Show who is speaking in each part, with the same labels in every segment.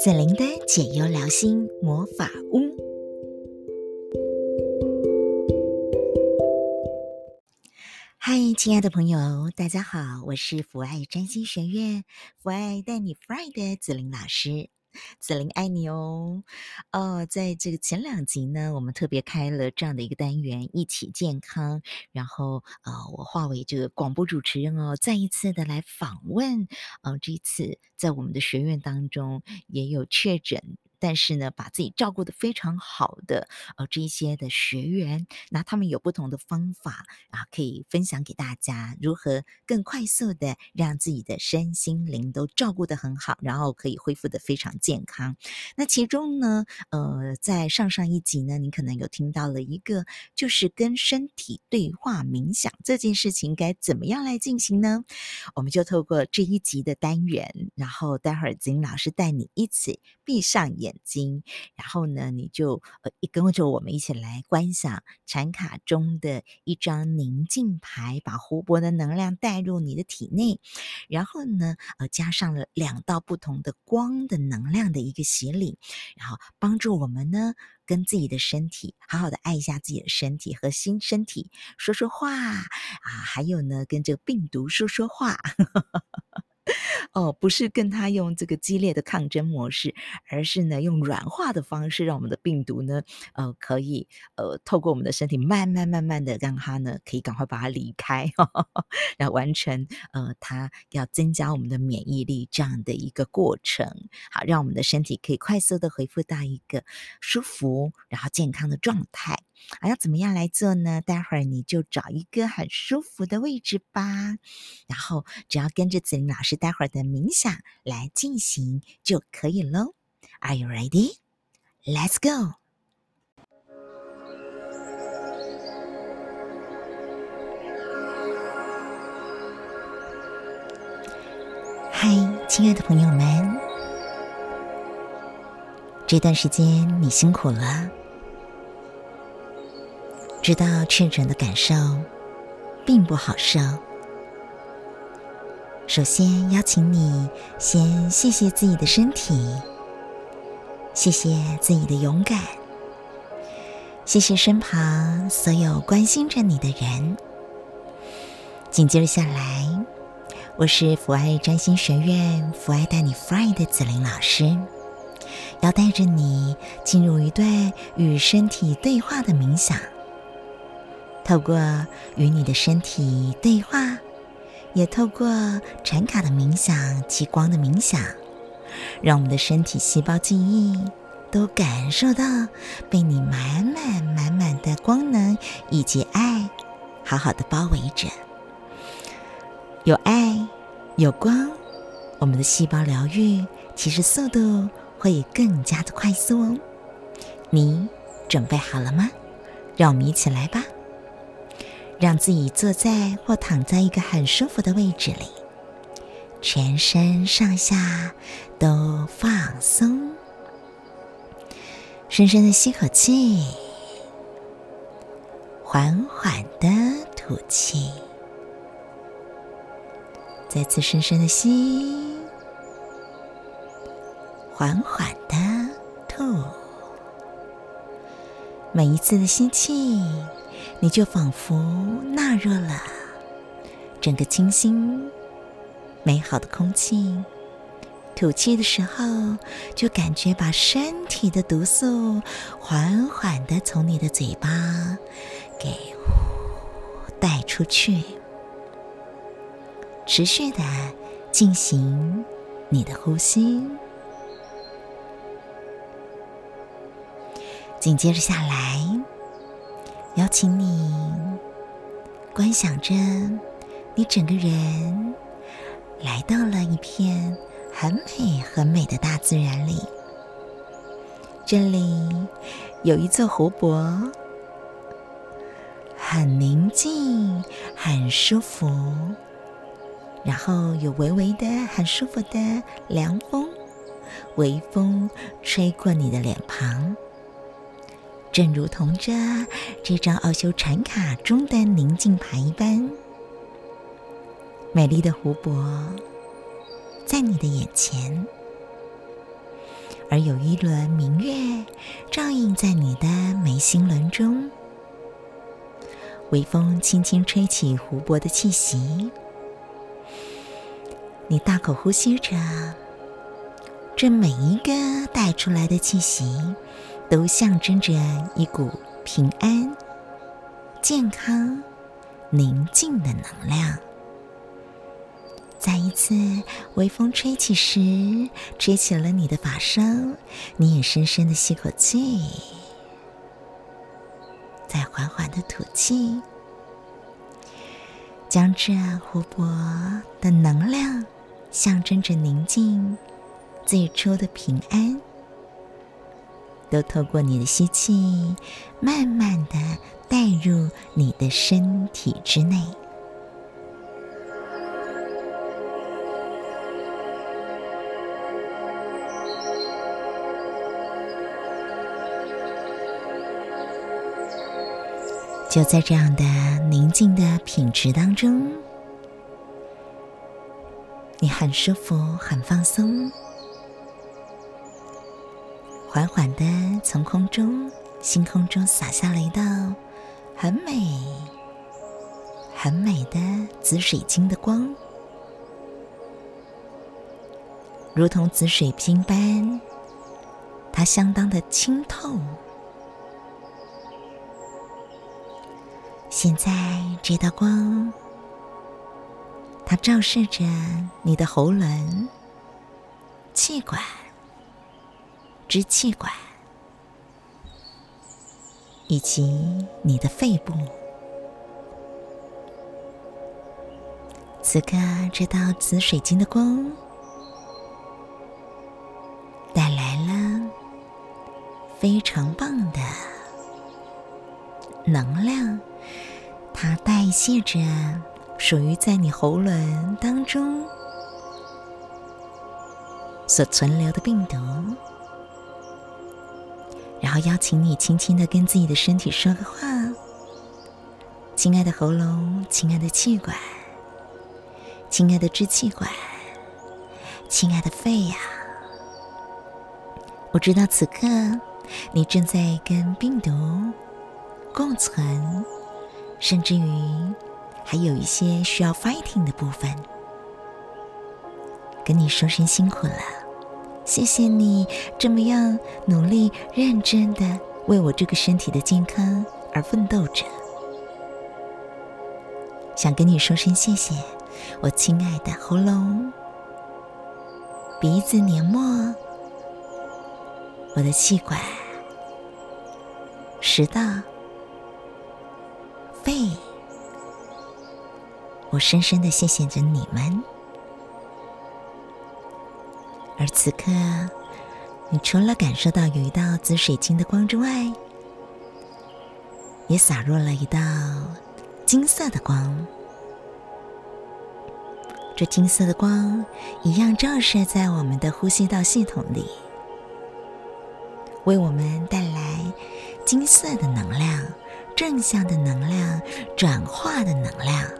Speaker 1: 子玲的解憂療心魔法屋。嗨，親愛的朋友，大家好，我是芙愛占心學院芙愛帶你 Fly 的子玲老師。子玲愛你哦，哦，在這個前兩集呢，我們特別開了這樣的一個單元，疫起健康。然後，呃、哦，我化為這個廣播主持人哦，再一次的來訪問。啊、哦，這一次在我們的學院當中也有確診。但是呢，把自己照顧得非常好的，呃，這一些的學員，那他們有不同的方法啊，可以分享給大家，如何更快速的讓自己的身心靈都照顧得很好，然後可以恢復得非常健康。那其中呢，呃，在上上一集呢，你可能有聽到了一個，就是跟身體對話冥想這件事情該怎麼樣來進行呢？我們就透過這一集的單元，然後待會兒子玲老師帶你一起閉上眼。眼睛，然後呢，你就跟着我們一起來觀想禪卡中的一張寧靜牌，把湖泊的能量帶入你的體內，然後呢，呃，加上了兩道不同的光的能量的一個洗禮，然後幫助我們呢，跟自己的身體好好的愛一下自己的身體和新身體說說話啊，還有呢，跟這個病毒說說話。呵呵呵哦，不是跟他用這個激烈的抗爭模式，而是呢，用軟化的方式，讓我們的病毒呢，呃，可以呃，透過我們的身體，慢慢慢慢的，讓它呢，可以趕快把它離開，哈哈哈，然後完成呃，它要增加我們的免疫力這樣的一個過程，好，讓我們的身體可以快速的恢復到一個舒服，然後健康的狀態。還、啊、要怎麼樣來做呢？待會兒你就找一個很舒服的位置吧，然後只要跟着子玲老師待會兒的冥想來進行就可以嘍。Are you ready? Let's go. 嗨，親愛的朋友們，這段時間你辛苦了。直到確診的感受，並不好受。首先邀請你先謝謝自己的身體，謝謝自己的勇敢，謝謝身旁所有關心着你的人。緊接着下來，我是芙愛占心學院芙愛帶你 free 的子玲老師，要帶着你進入一段與身體對話的冥想。透過與你的身體對話，也透過禪卡的冥想、極光的冥想，讓我們的身體細胞記憶都感受到被你滿滿滿滿的光能以及愛，好好的包圍着。有愛，有光，我們的細胞療癒其實速度會更加的快速哦。你準備好了嗎？讓我們一起來吧。讓自己坐在或躺在一個很舒服的位置裡，全身上下都放鬆，深深的吸口氣，緩緩的吐氣，再次深深的吸，緩緩的吐，每一次的吸氣。你就仿佛納入了整個清新、美好的空氣，吐氣的時候，就感覺把身體的毒素緩緩的從你的嘴巴給呼呼帶出去，持續的進行你的呼吸。緊接着下來。邀請你觀想着，你整個人來到了一片很美很美的大自然裡。這裡有一座湖泊，很寧靜，很舒服。然後有微微的、很舒服的涼風，微風吹過你的臉龐。正如同着這，這張奧修禪卡中的寧靜牌一般，美麗的湖泊在你的眼前，而有一輪明月照映在你的眉心輪中，微風輕輕吹起湖泊的氣息，你大口呼吸着，這每一個帶出來的氣息。都象徵着一股平安、健康、寧靜的能量。再一次微風吹起時，吹起了你的髮梢，你也深深的吸口氣，再緩緩的吐氣，將這湖泊的能量象徵着寧靜，最初的平安。都透過你的吸氣，慢慢的帶入你的身體之內。就在這樣的寧靜的品質當中，你很舒服，很放鬆。緩緩的從空中、星空中灑下了一道很美、很美的紫水晶的光，如同紫水晶般，它相當的清透。現在這道光，它照射着你的喉嚨、氣管。支氣管以及你的肺部，此刻這道紫水晶的光帶來了非常棒的能量，它代謝着屬於在你喉輪當中所存留的病毒。然後邀請你輕輕的跟自己的身體說個話，親愛的喉嚨，親愛的氣管，親愛的支氣管，親愛的肺呀、啊，我知道此刻你正在跟病毒共存，甚至於還有一些需要 fighting 的部分，跟你說聲辛苦了。謝謝你這麼樣努力、認真的為我這個身體的健康而奮鬥着，想跟你說聲謝謝，我親愛的喉嚨、鼻子黏膜、我的氣管、食道、肺，我深深的謝謝着你們。而此刻，你除了感受到有一道紫水晶的光之外，也灑入了一道金色的光。這金色的光一樣照射在我們的呼吸道系統裡，為我們帶來金色的能量、正向的能量、轉化的能量。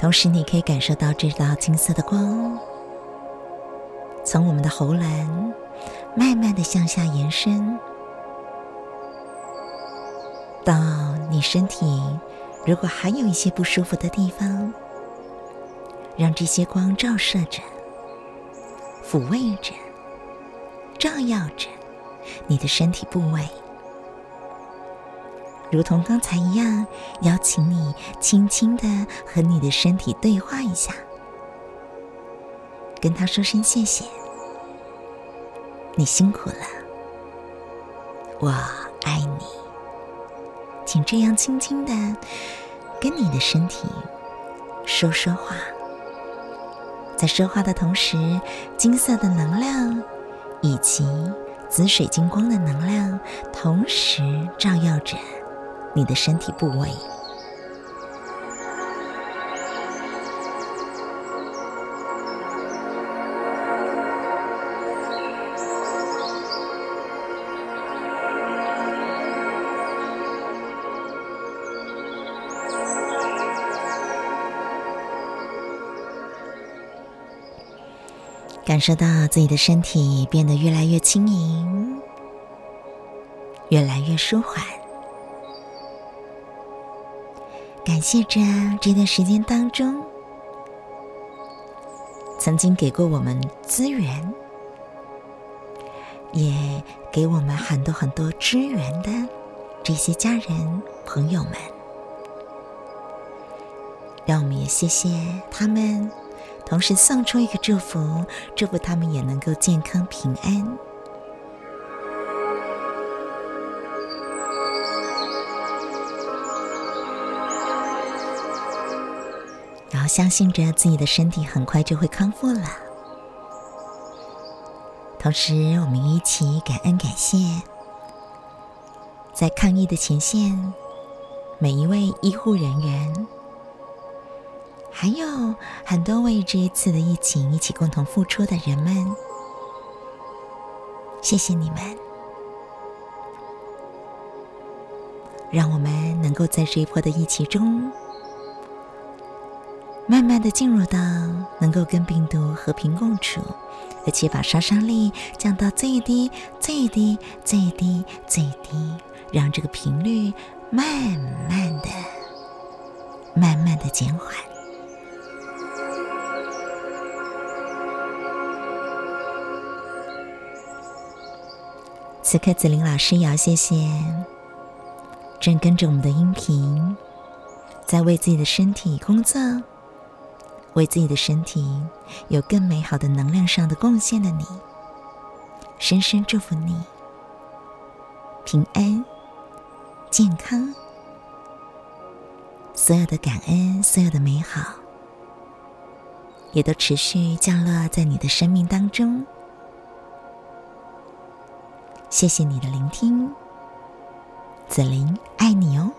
Speaker 1: 同時，你可以感受到這道金色的光，從我們的喉嚨慢慢的向下延伸，到你身體。如果還有一些不舒服的地方，讓這些光照射着、撫慰着、照耀着你的身體部位。如同剛才一樣，邀請你輕輕的和你的身體對話一下，跟他說聲謝謝，你辛苦了，我愛你。請這樣輕輕的跟你的身體說說話，在說話的同時，金色的能量以及紫水晶光的能量同時照耀着。你的身體部位，感受到自己的身體變得越來越輕盈，越來越舒緩。感謝着這段時間當中，曾經給過我們資源，也給我們很多很多支援的這些家人朋友們，讓我們也謝謝他們，同時送出一個祝福，祝福他們也能夠健康平安。相信着自己的身體很快就會康復了。同時，我們一起感恩感謝，在抗疫的前線，每一位醫護人員，還有很多為這一次的疫情一起共同付出的人們，謝謝你們，讓我們能夠在這一波的疫情中。慢慢的進入到能夠跟病毒和平共處，而且把殺傷力降到最低、最低、最低、最低、最低，讓這個頻率慢慢的、慢慢的減緩。此刻，子琳老師也要謝謝正跟着我們的音頻，在為自己的身體工作。為自己的身體有更美好的能量上的貢獻的你，深深祝福你平安健康，所有的感恩，所有的美好，也都持續降落在你的生命當中。謝謝你的聆聽，子玲愛你哦。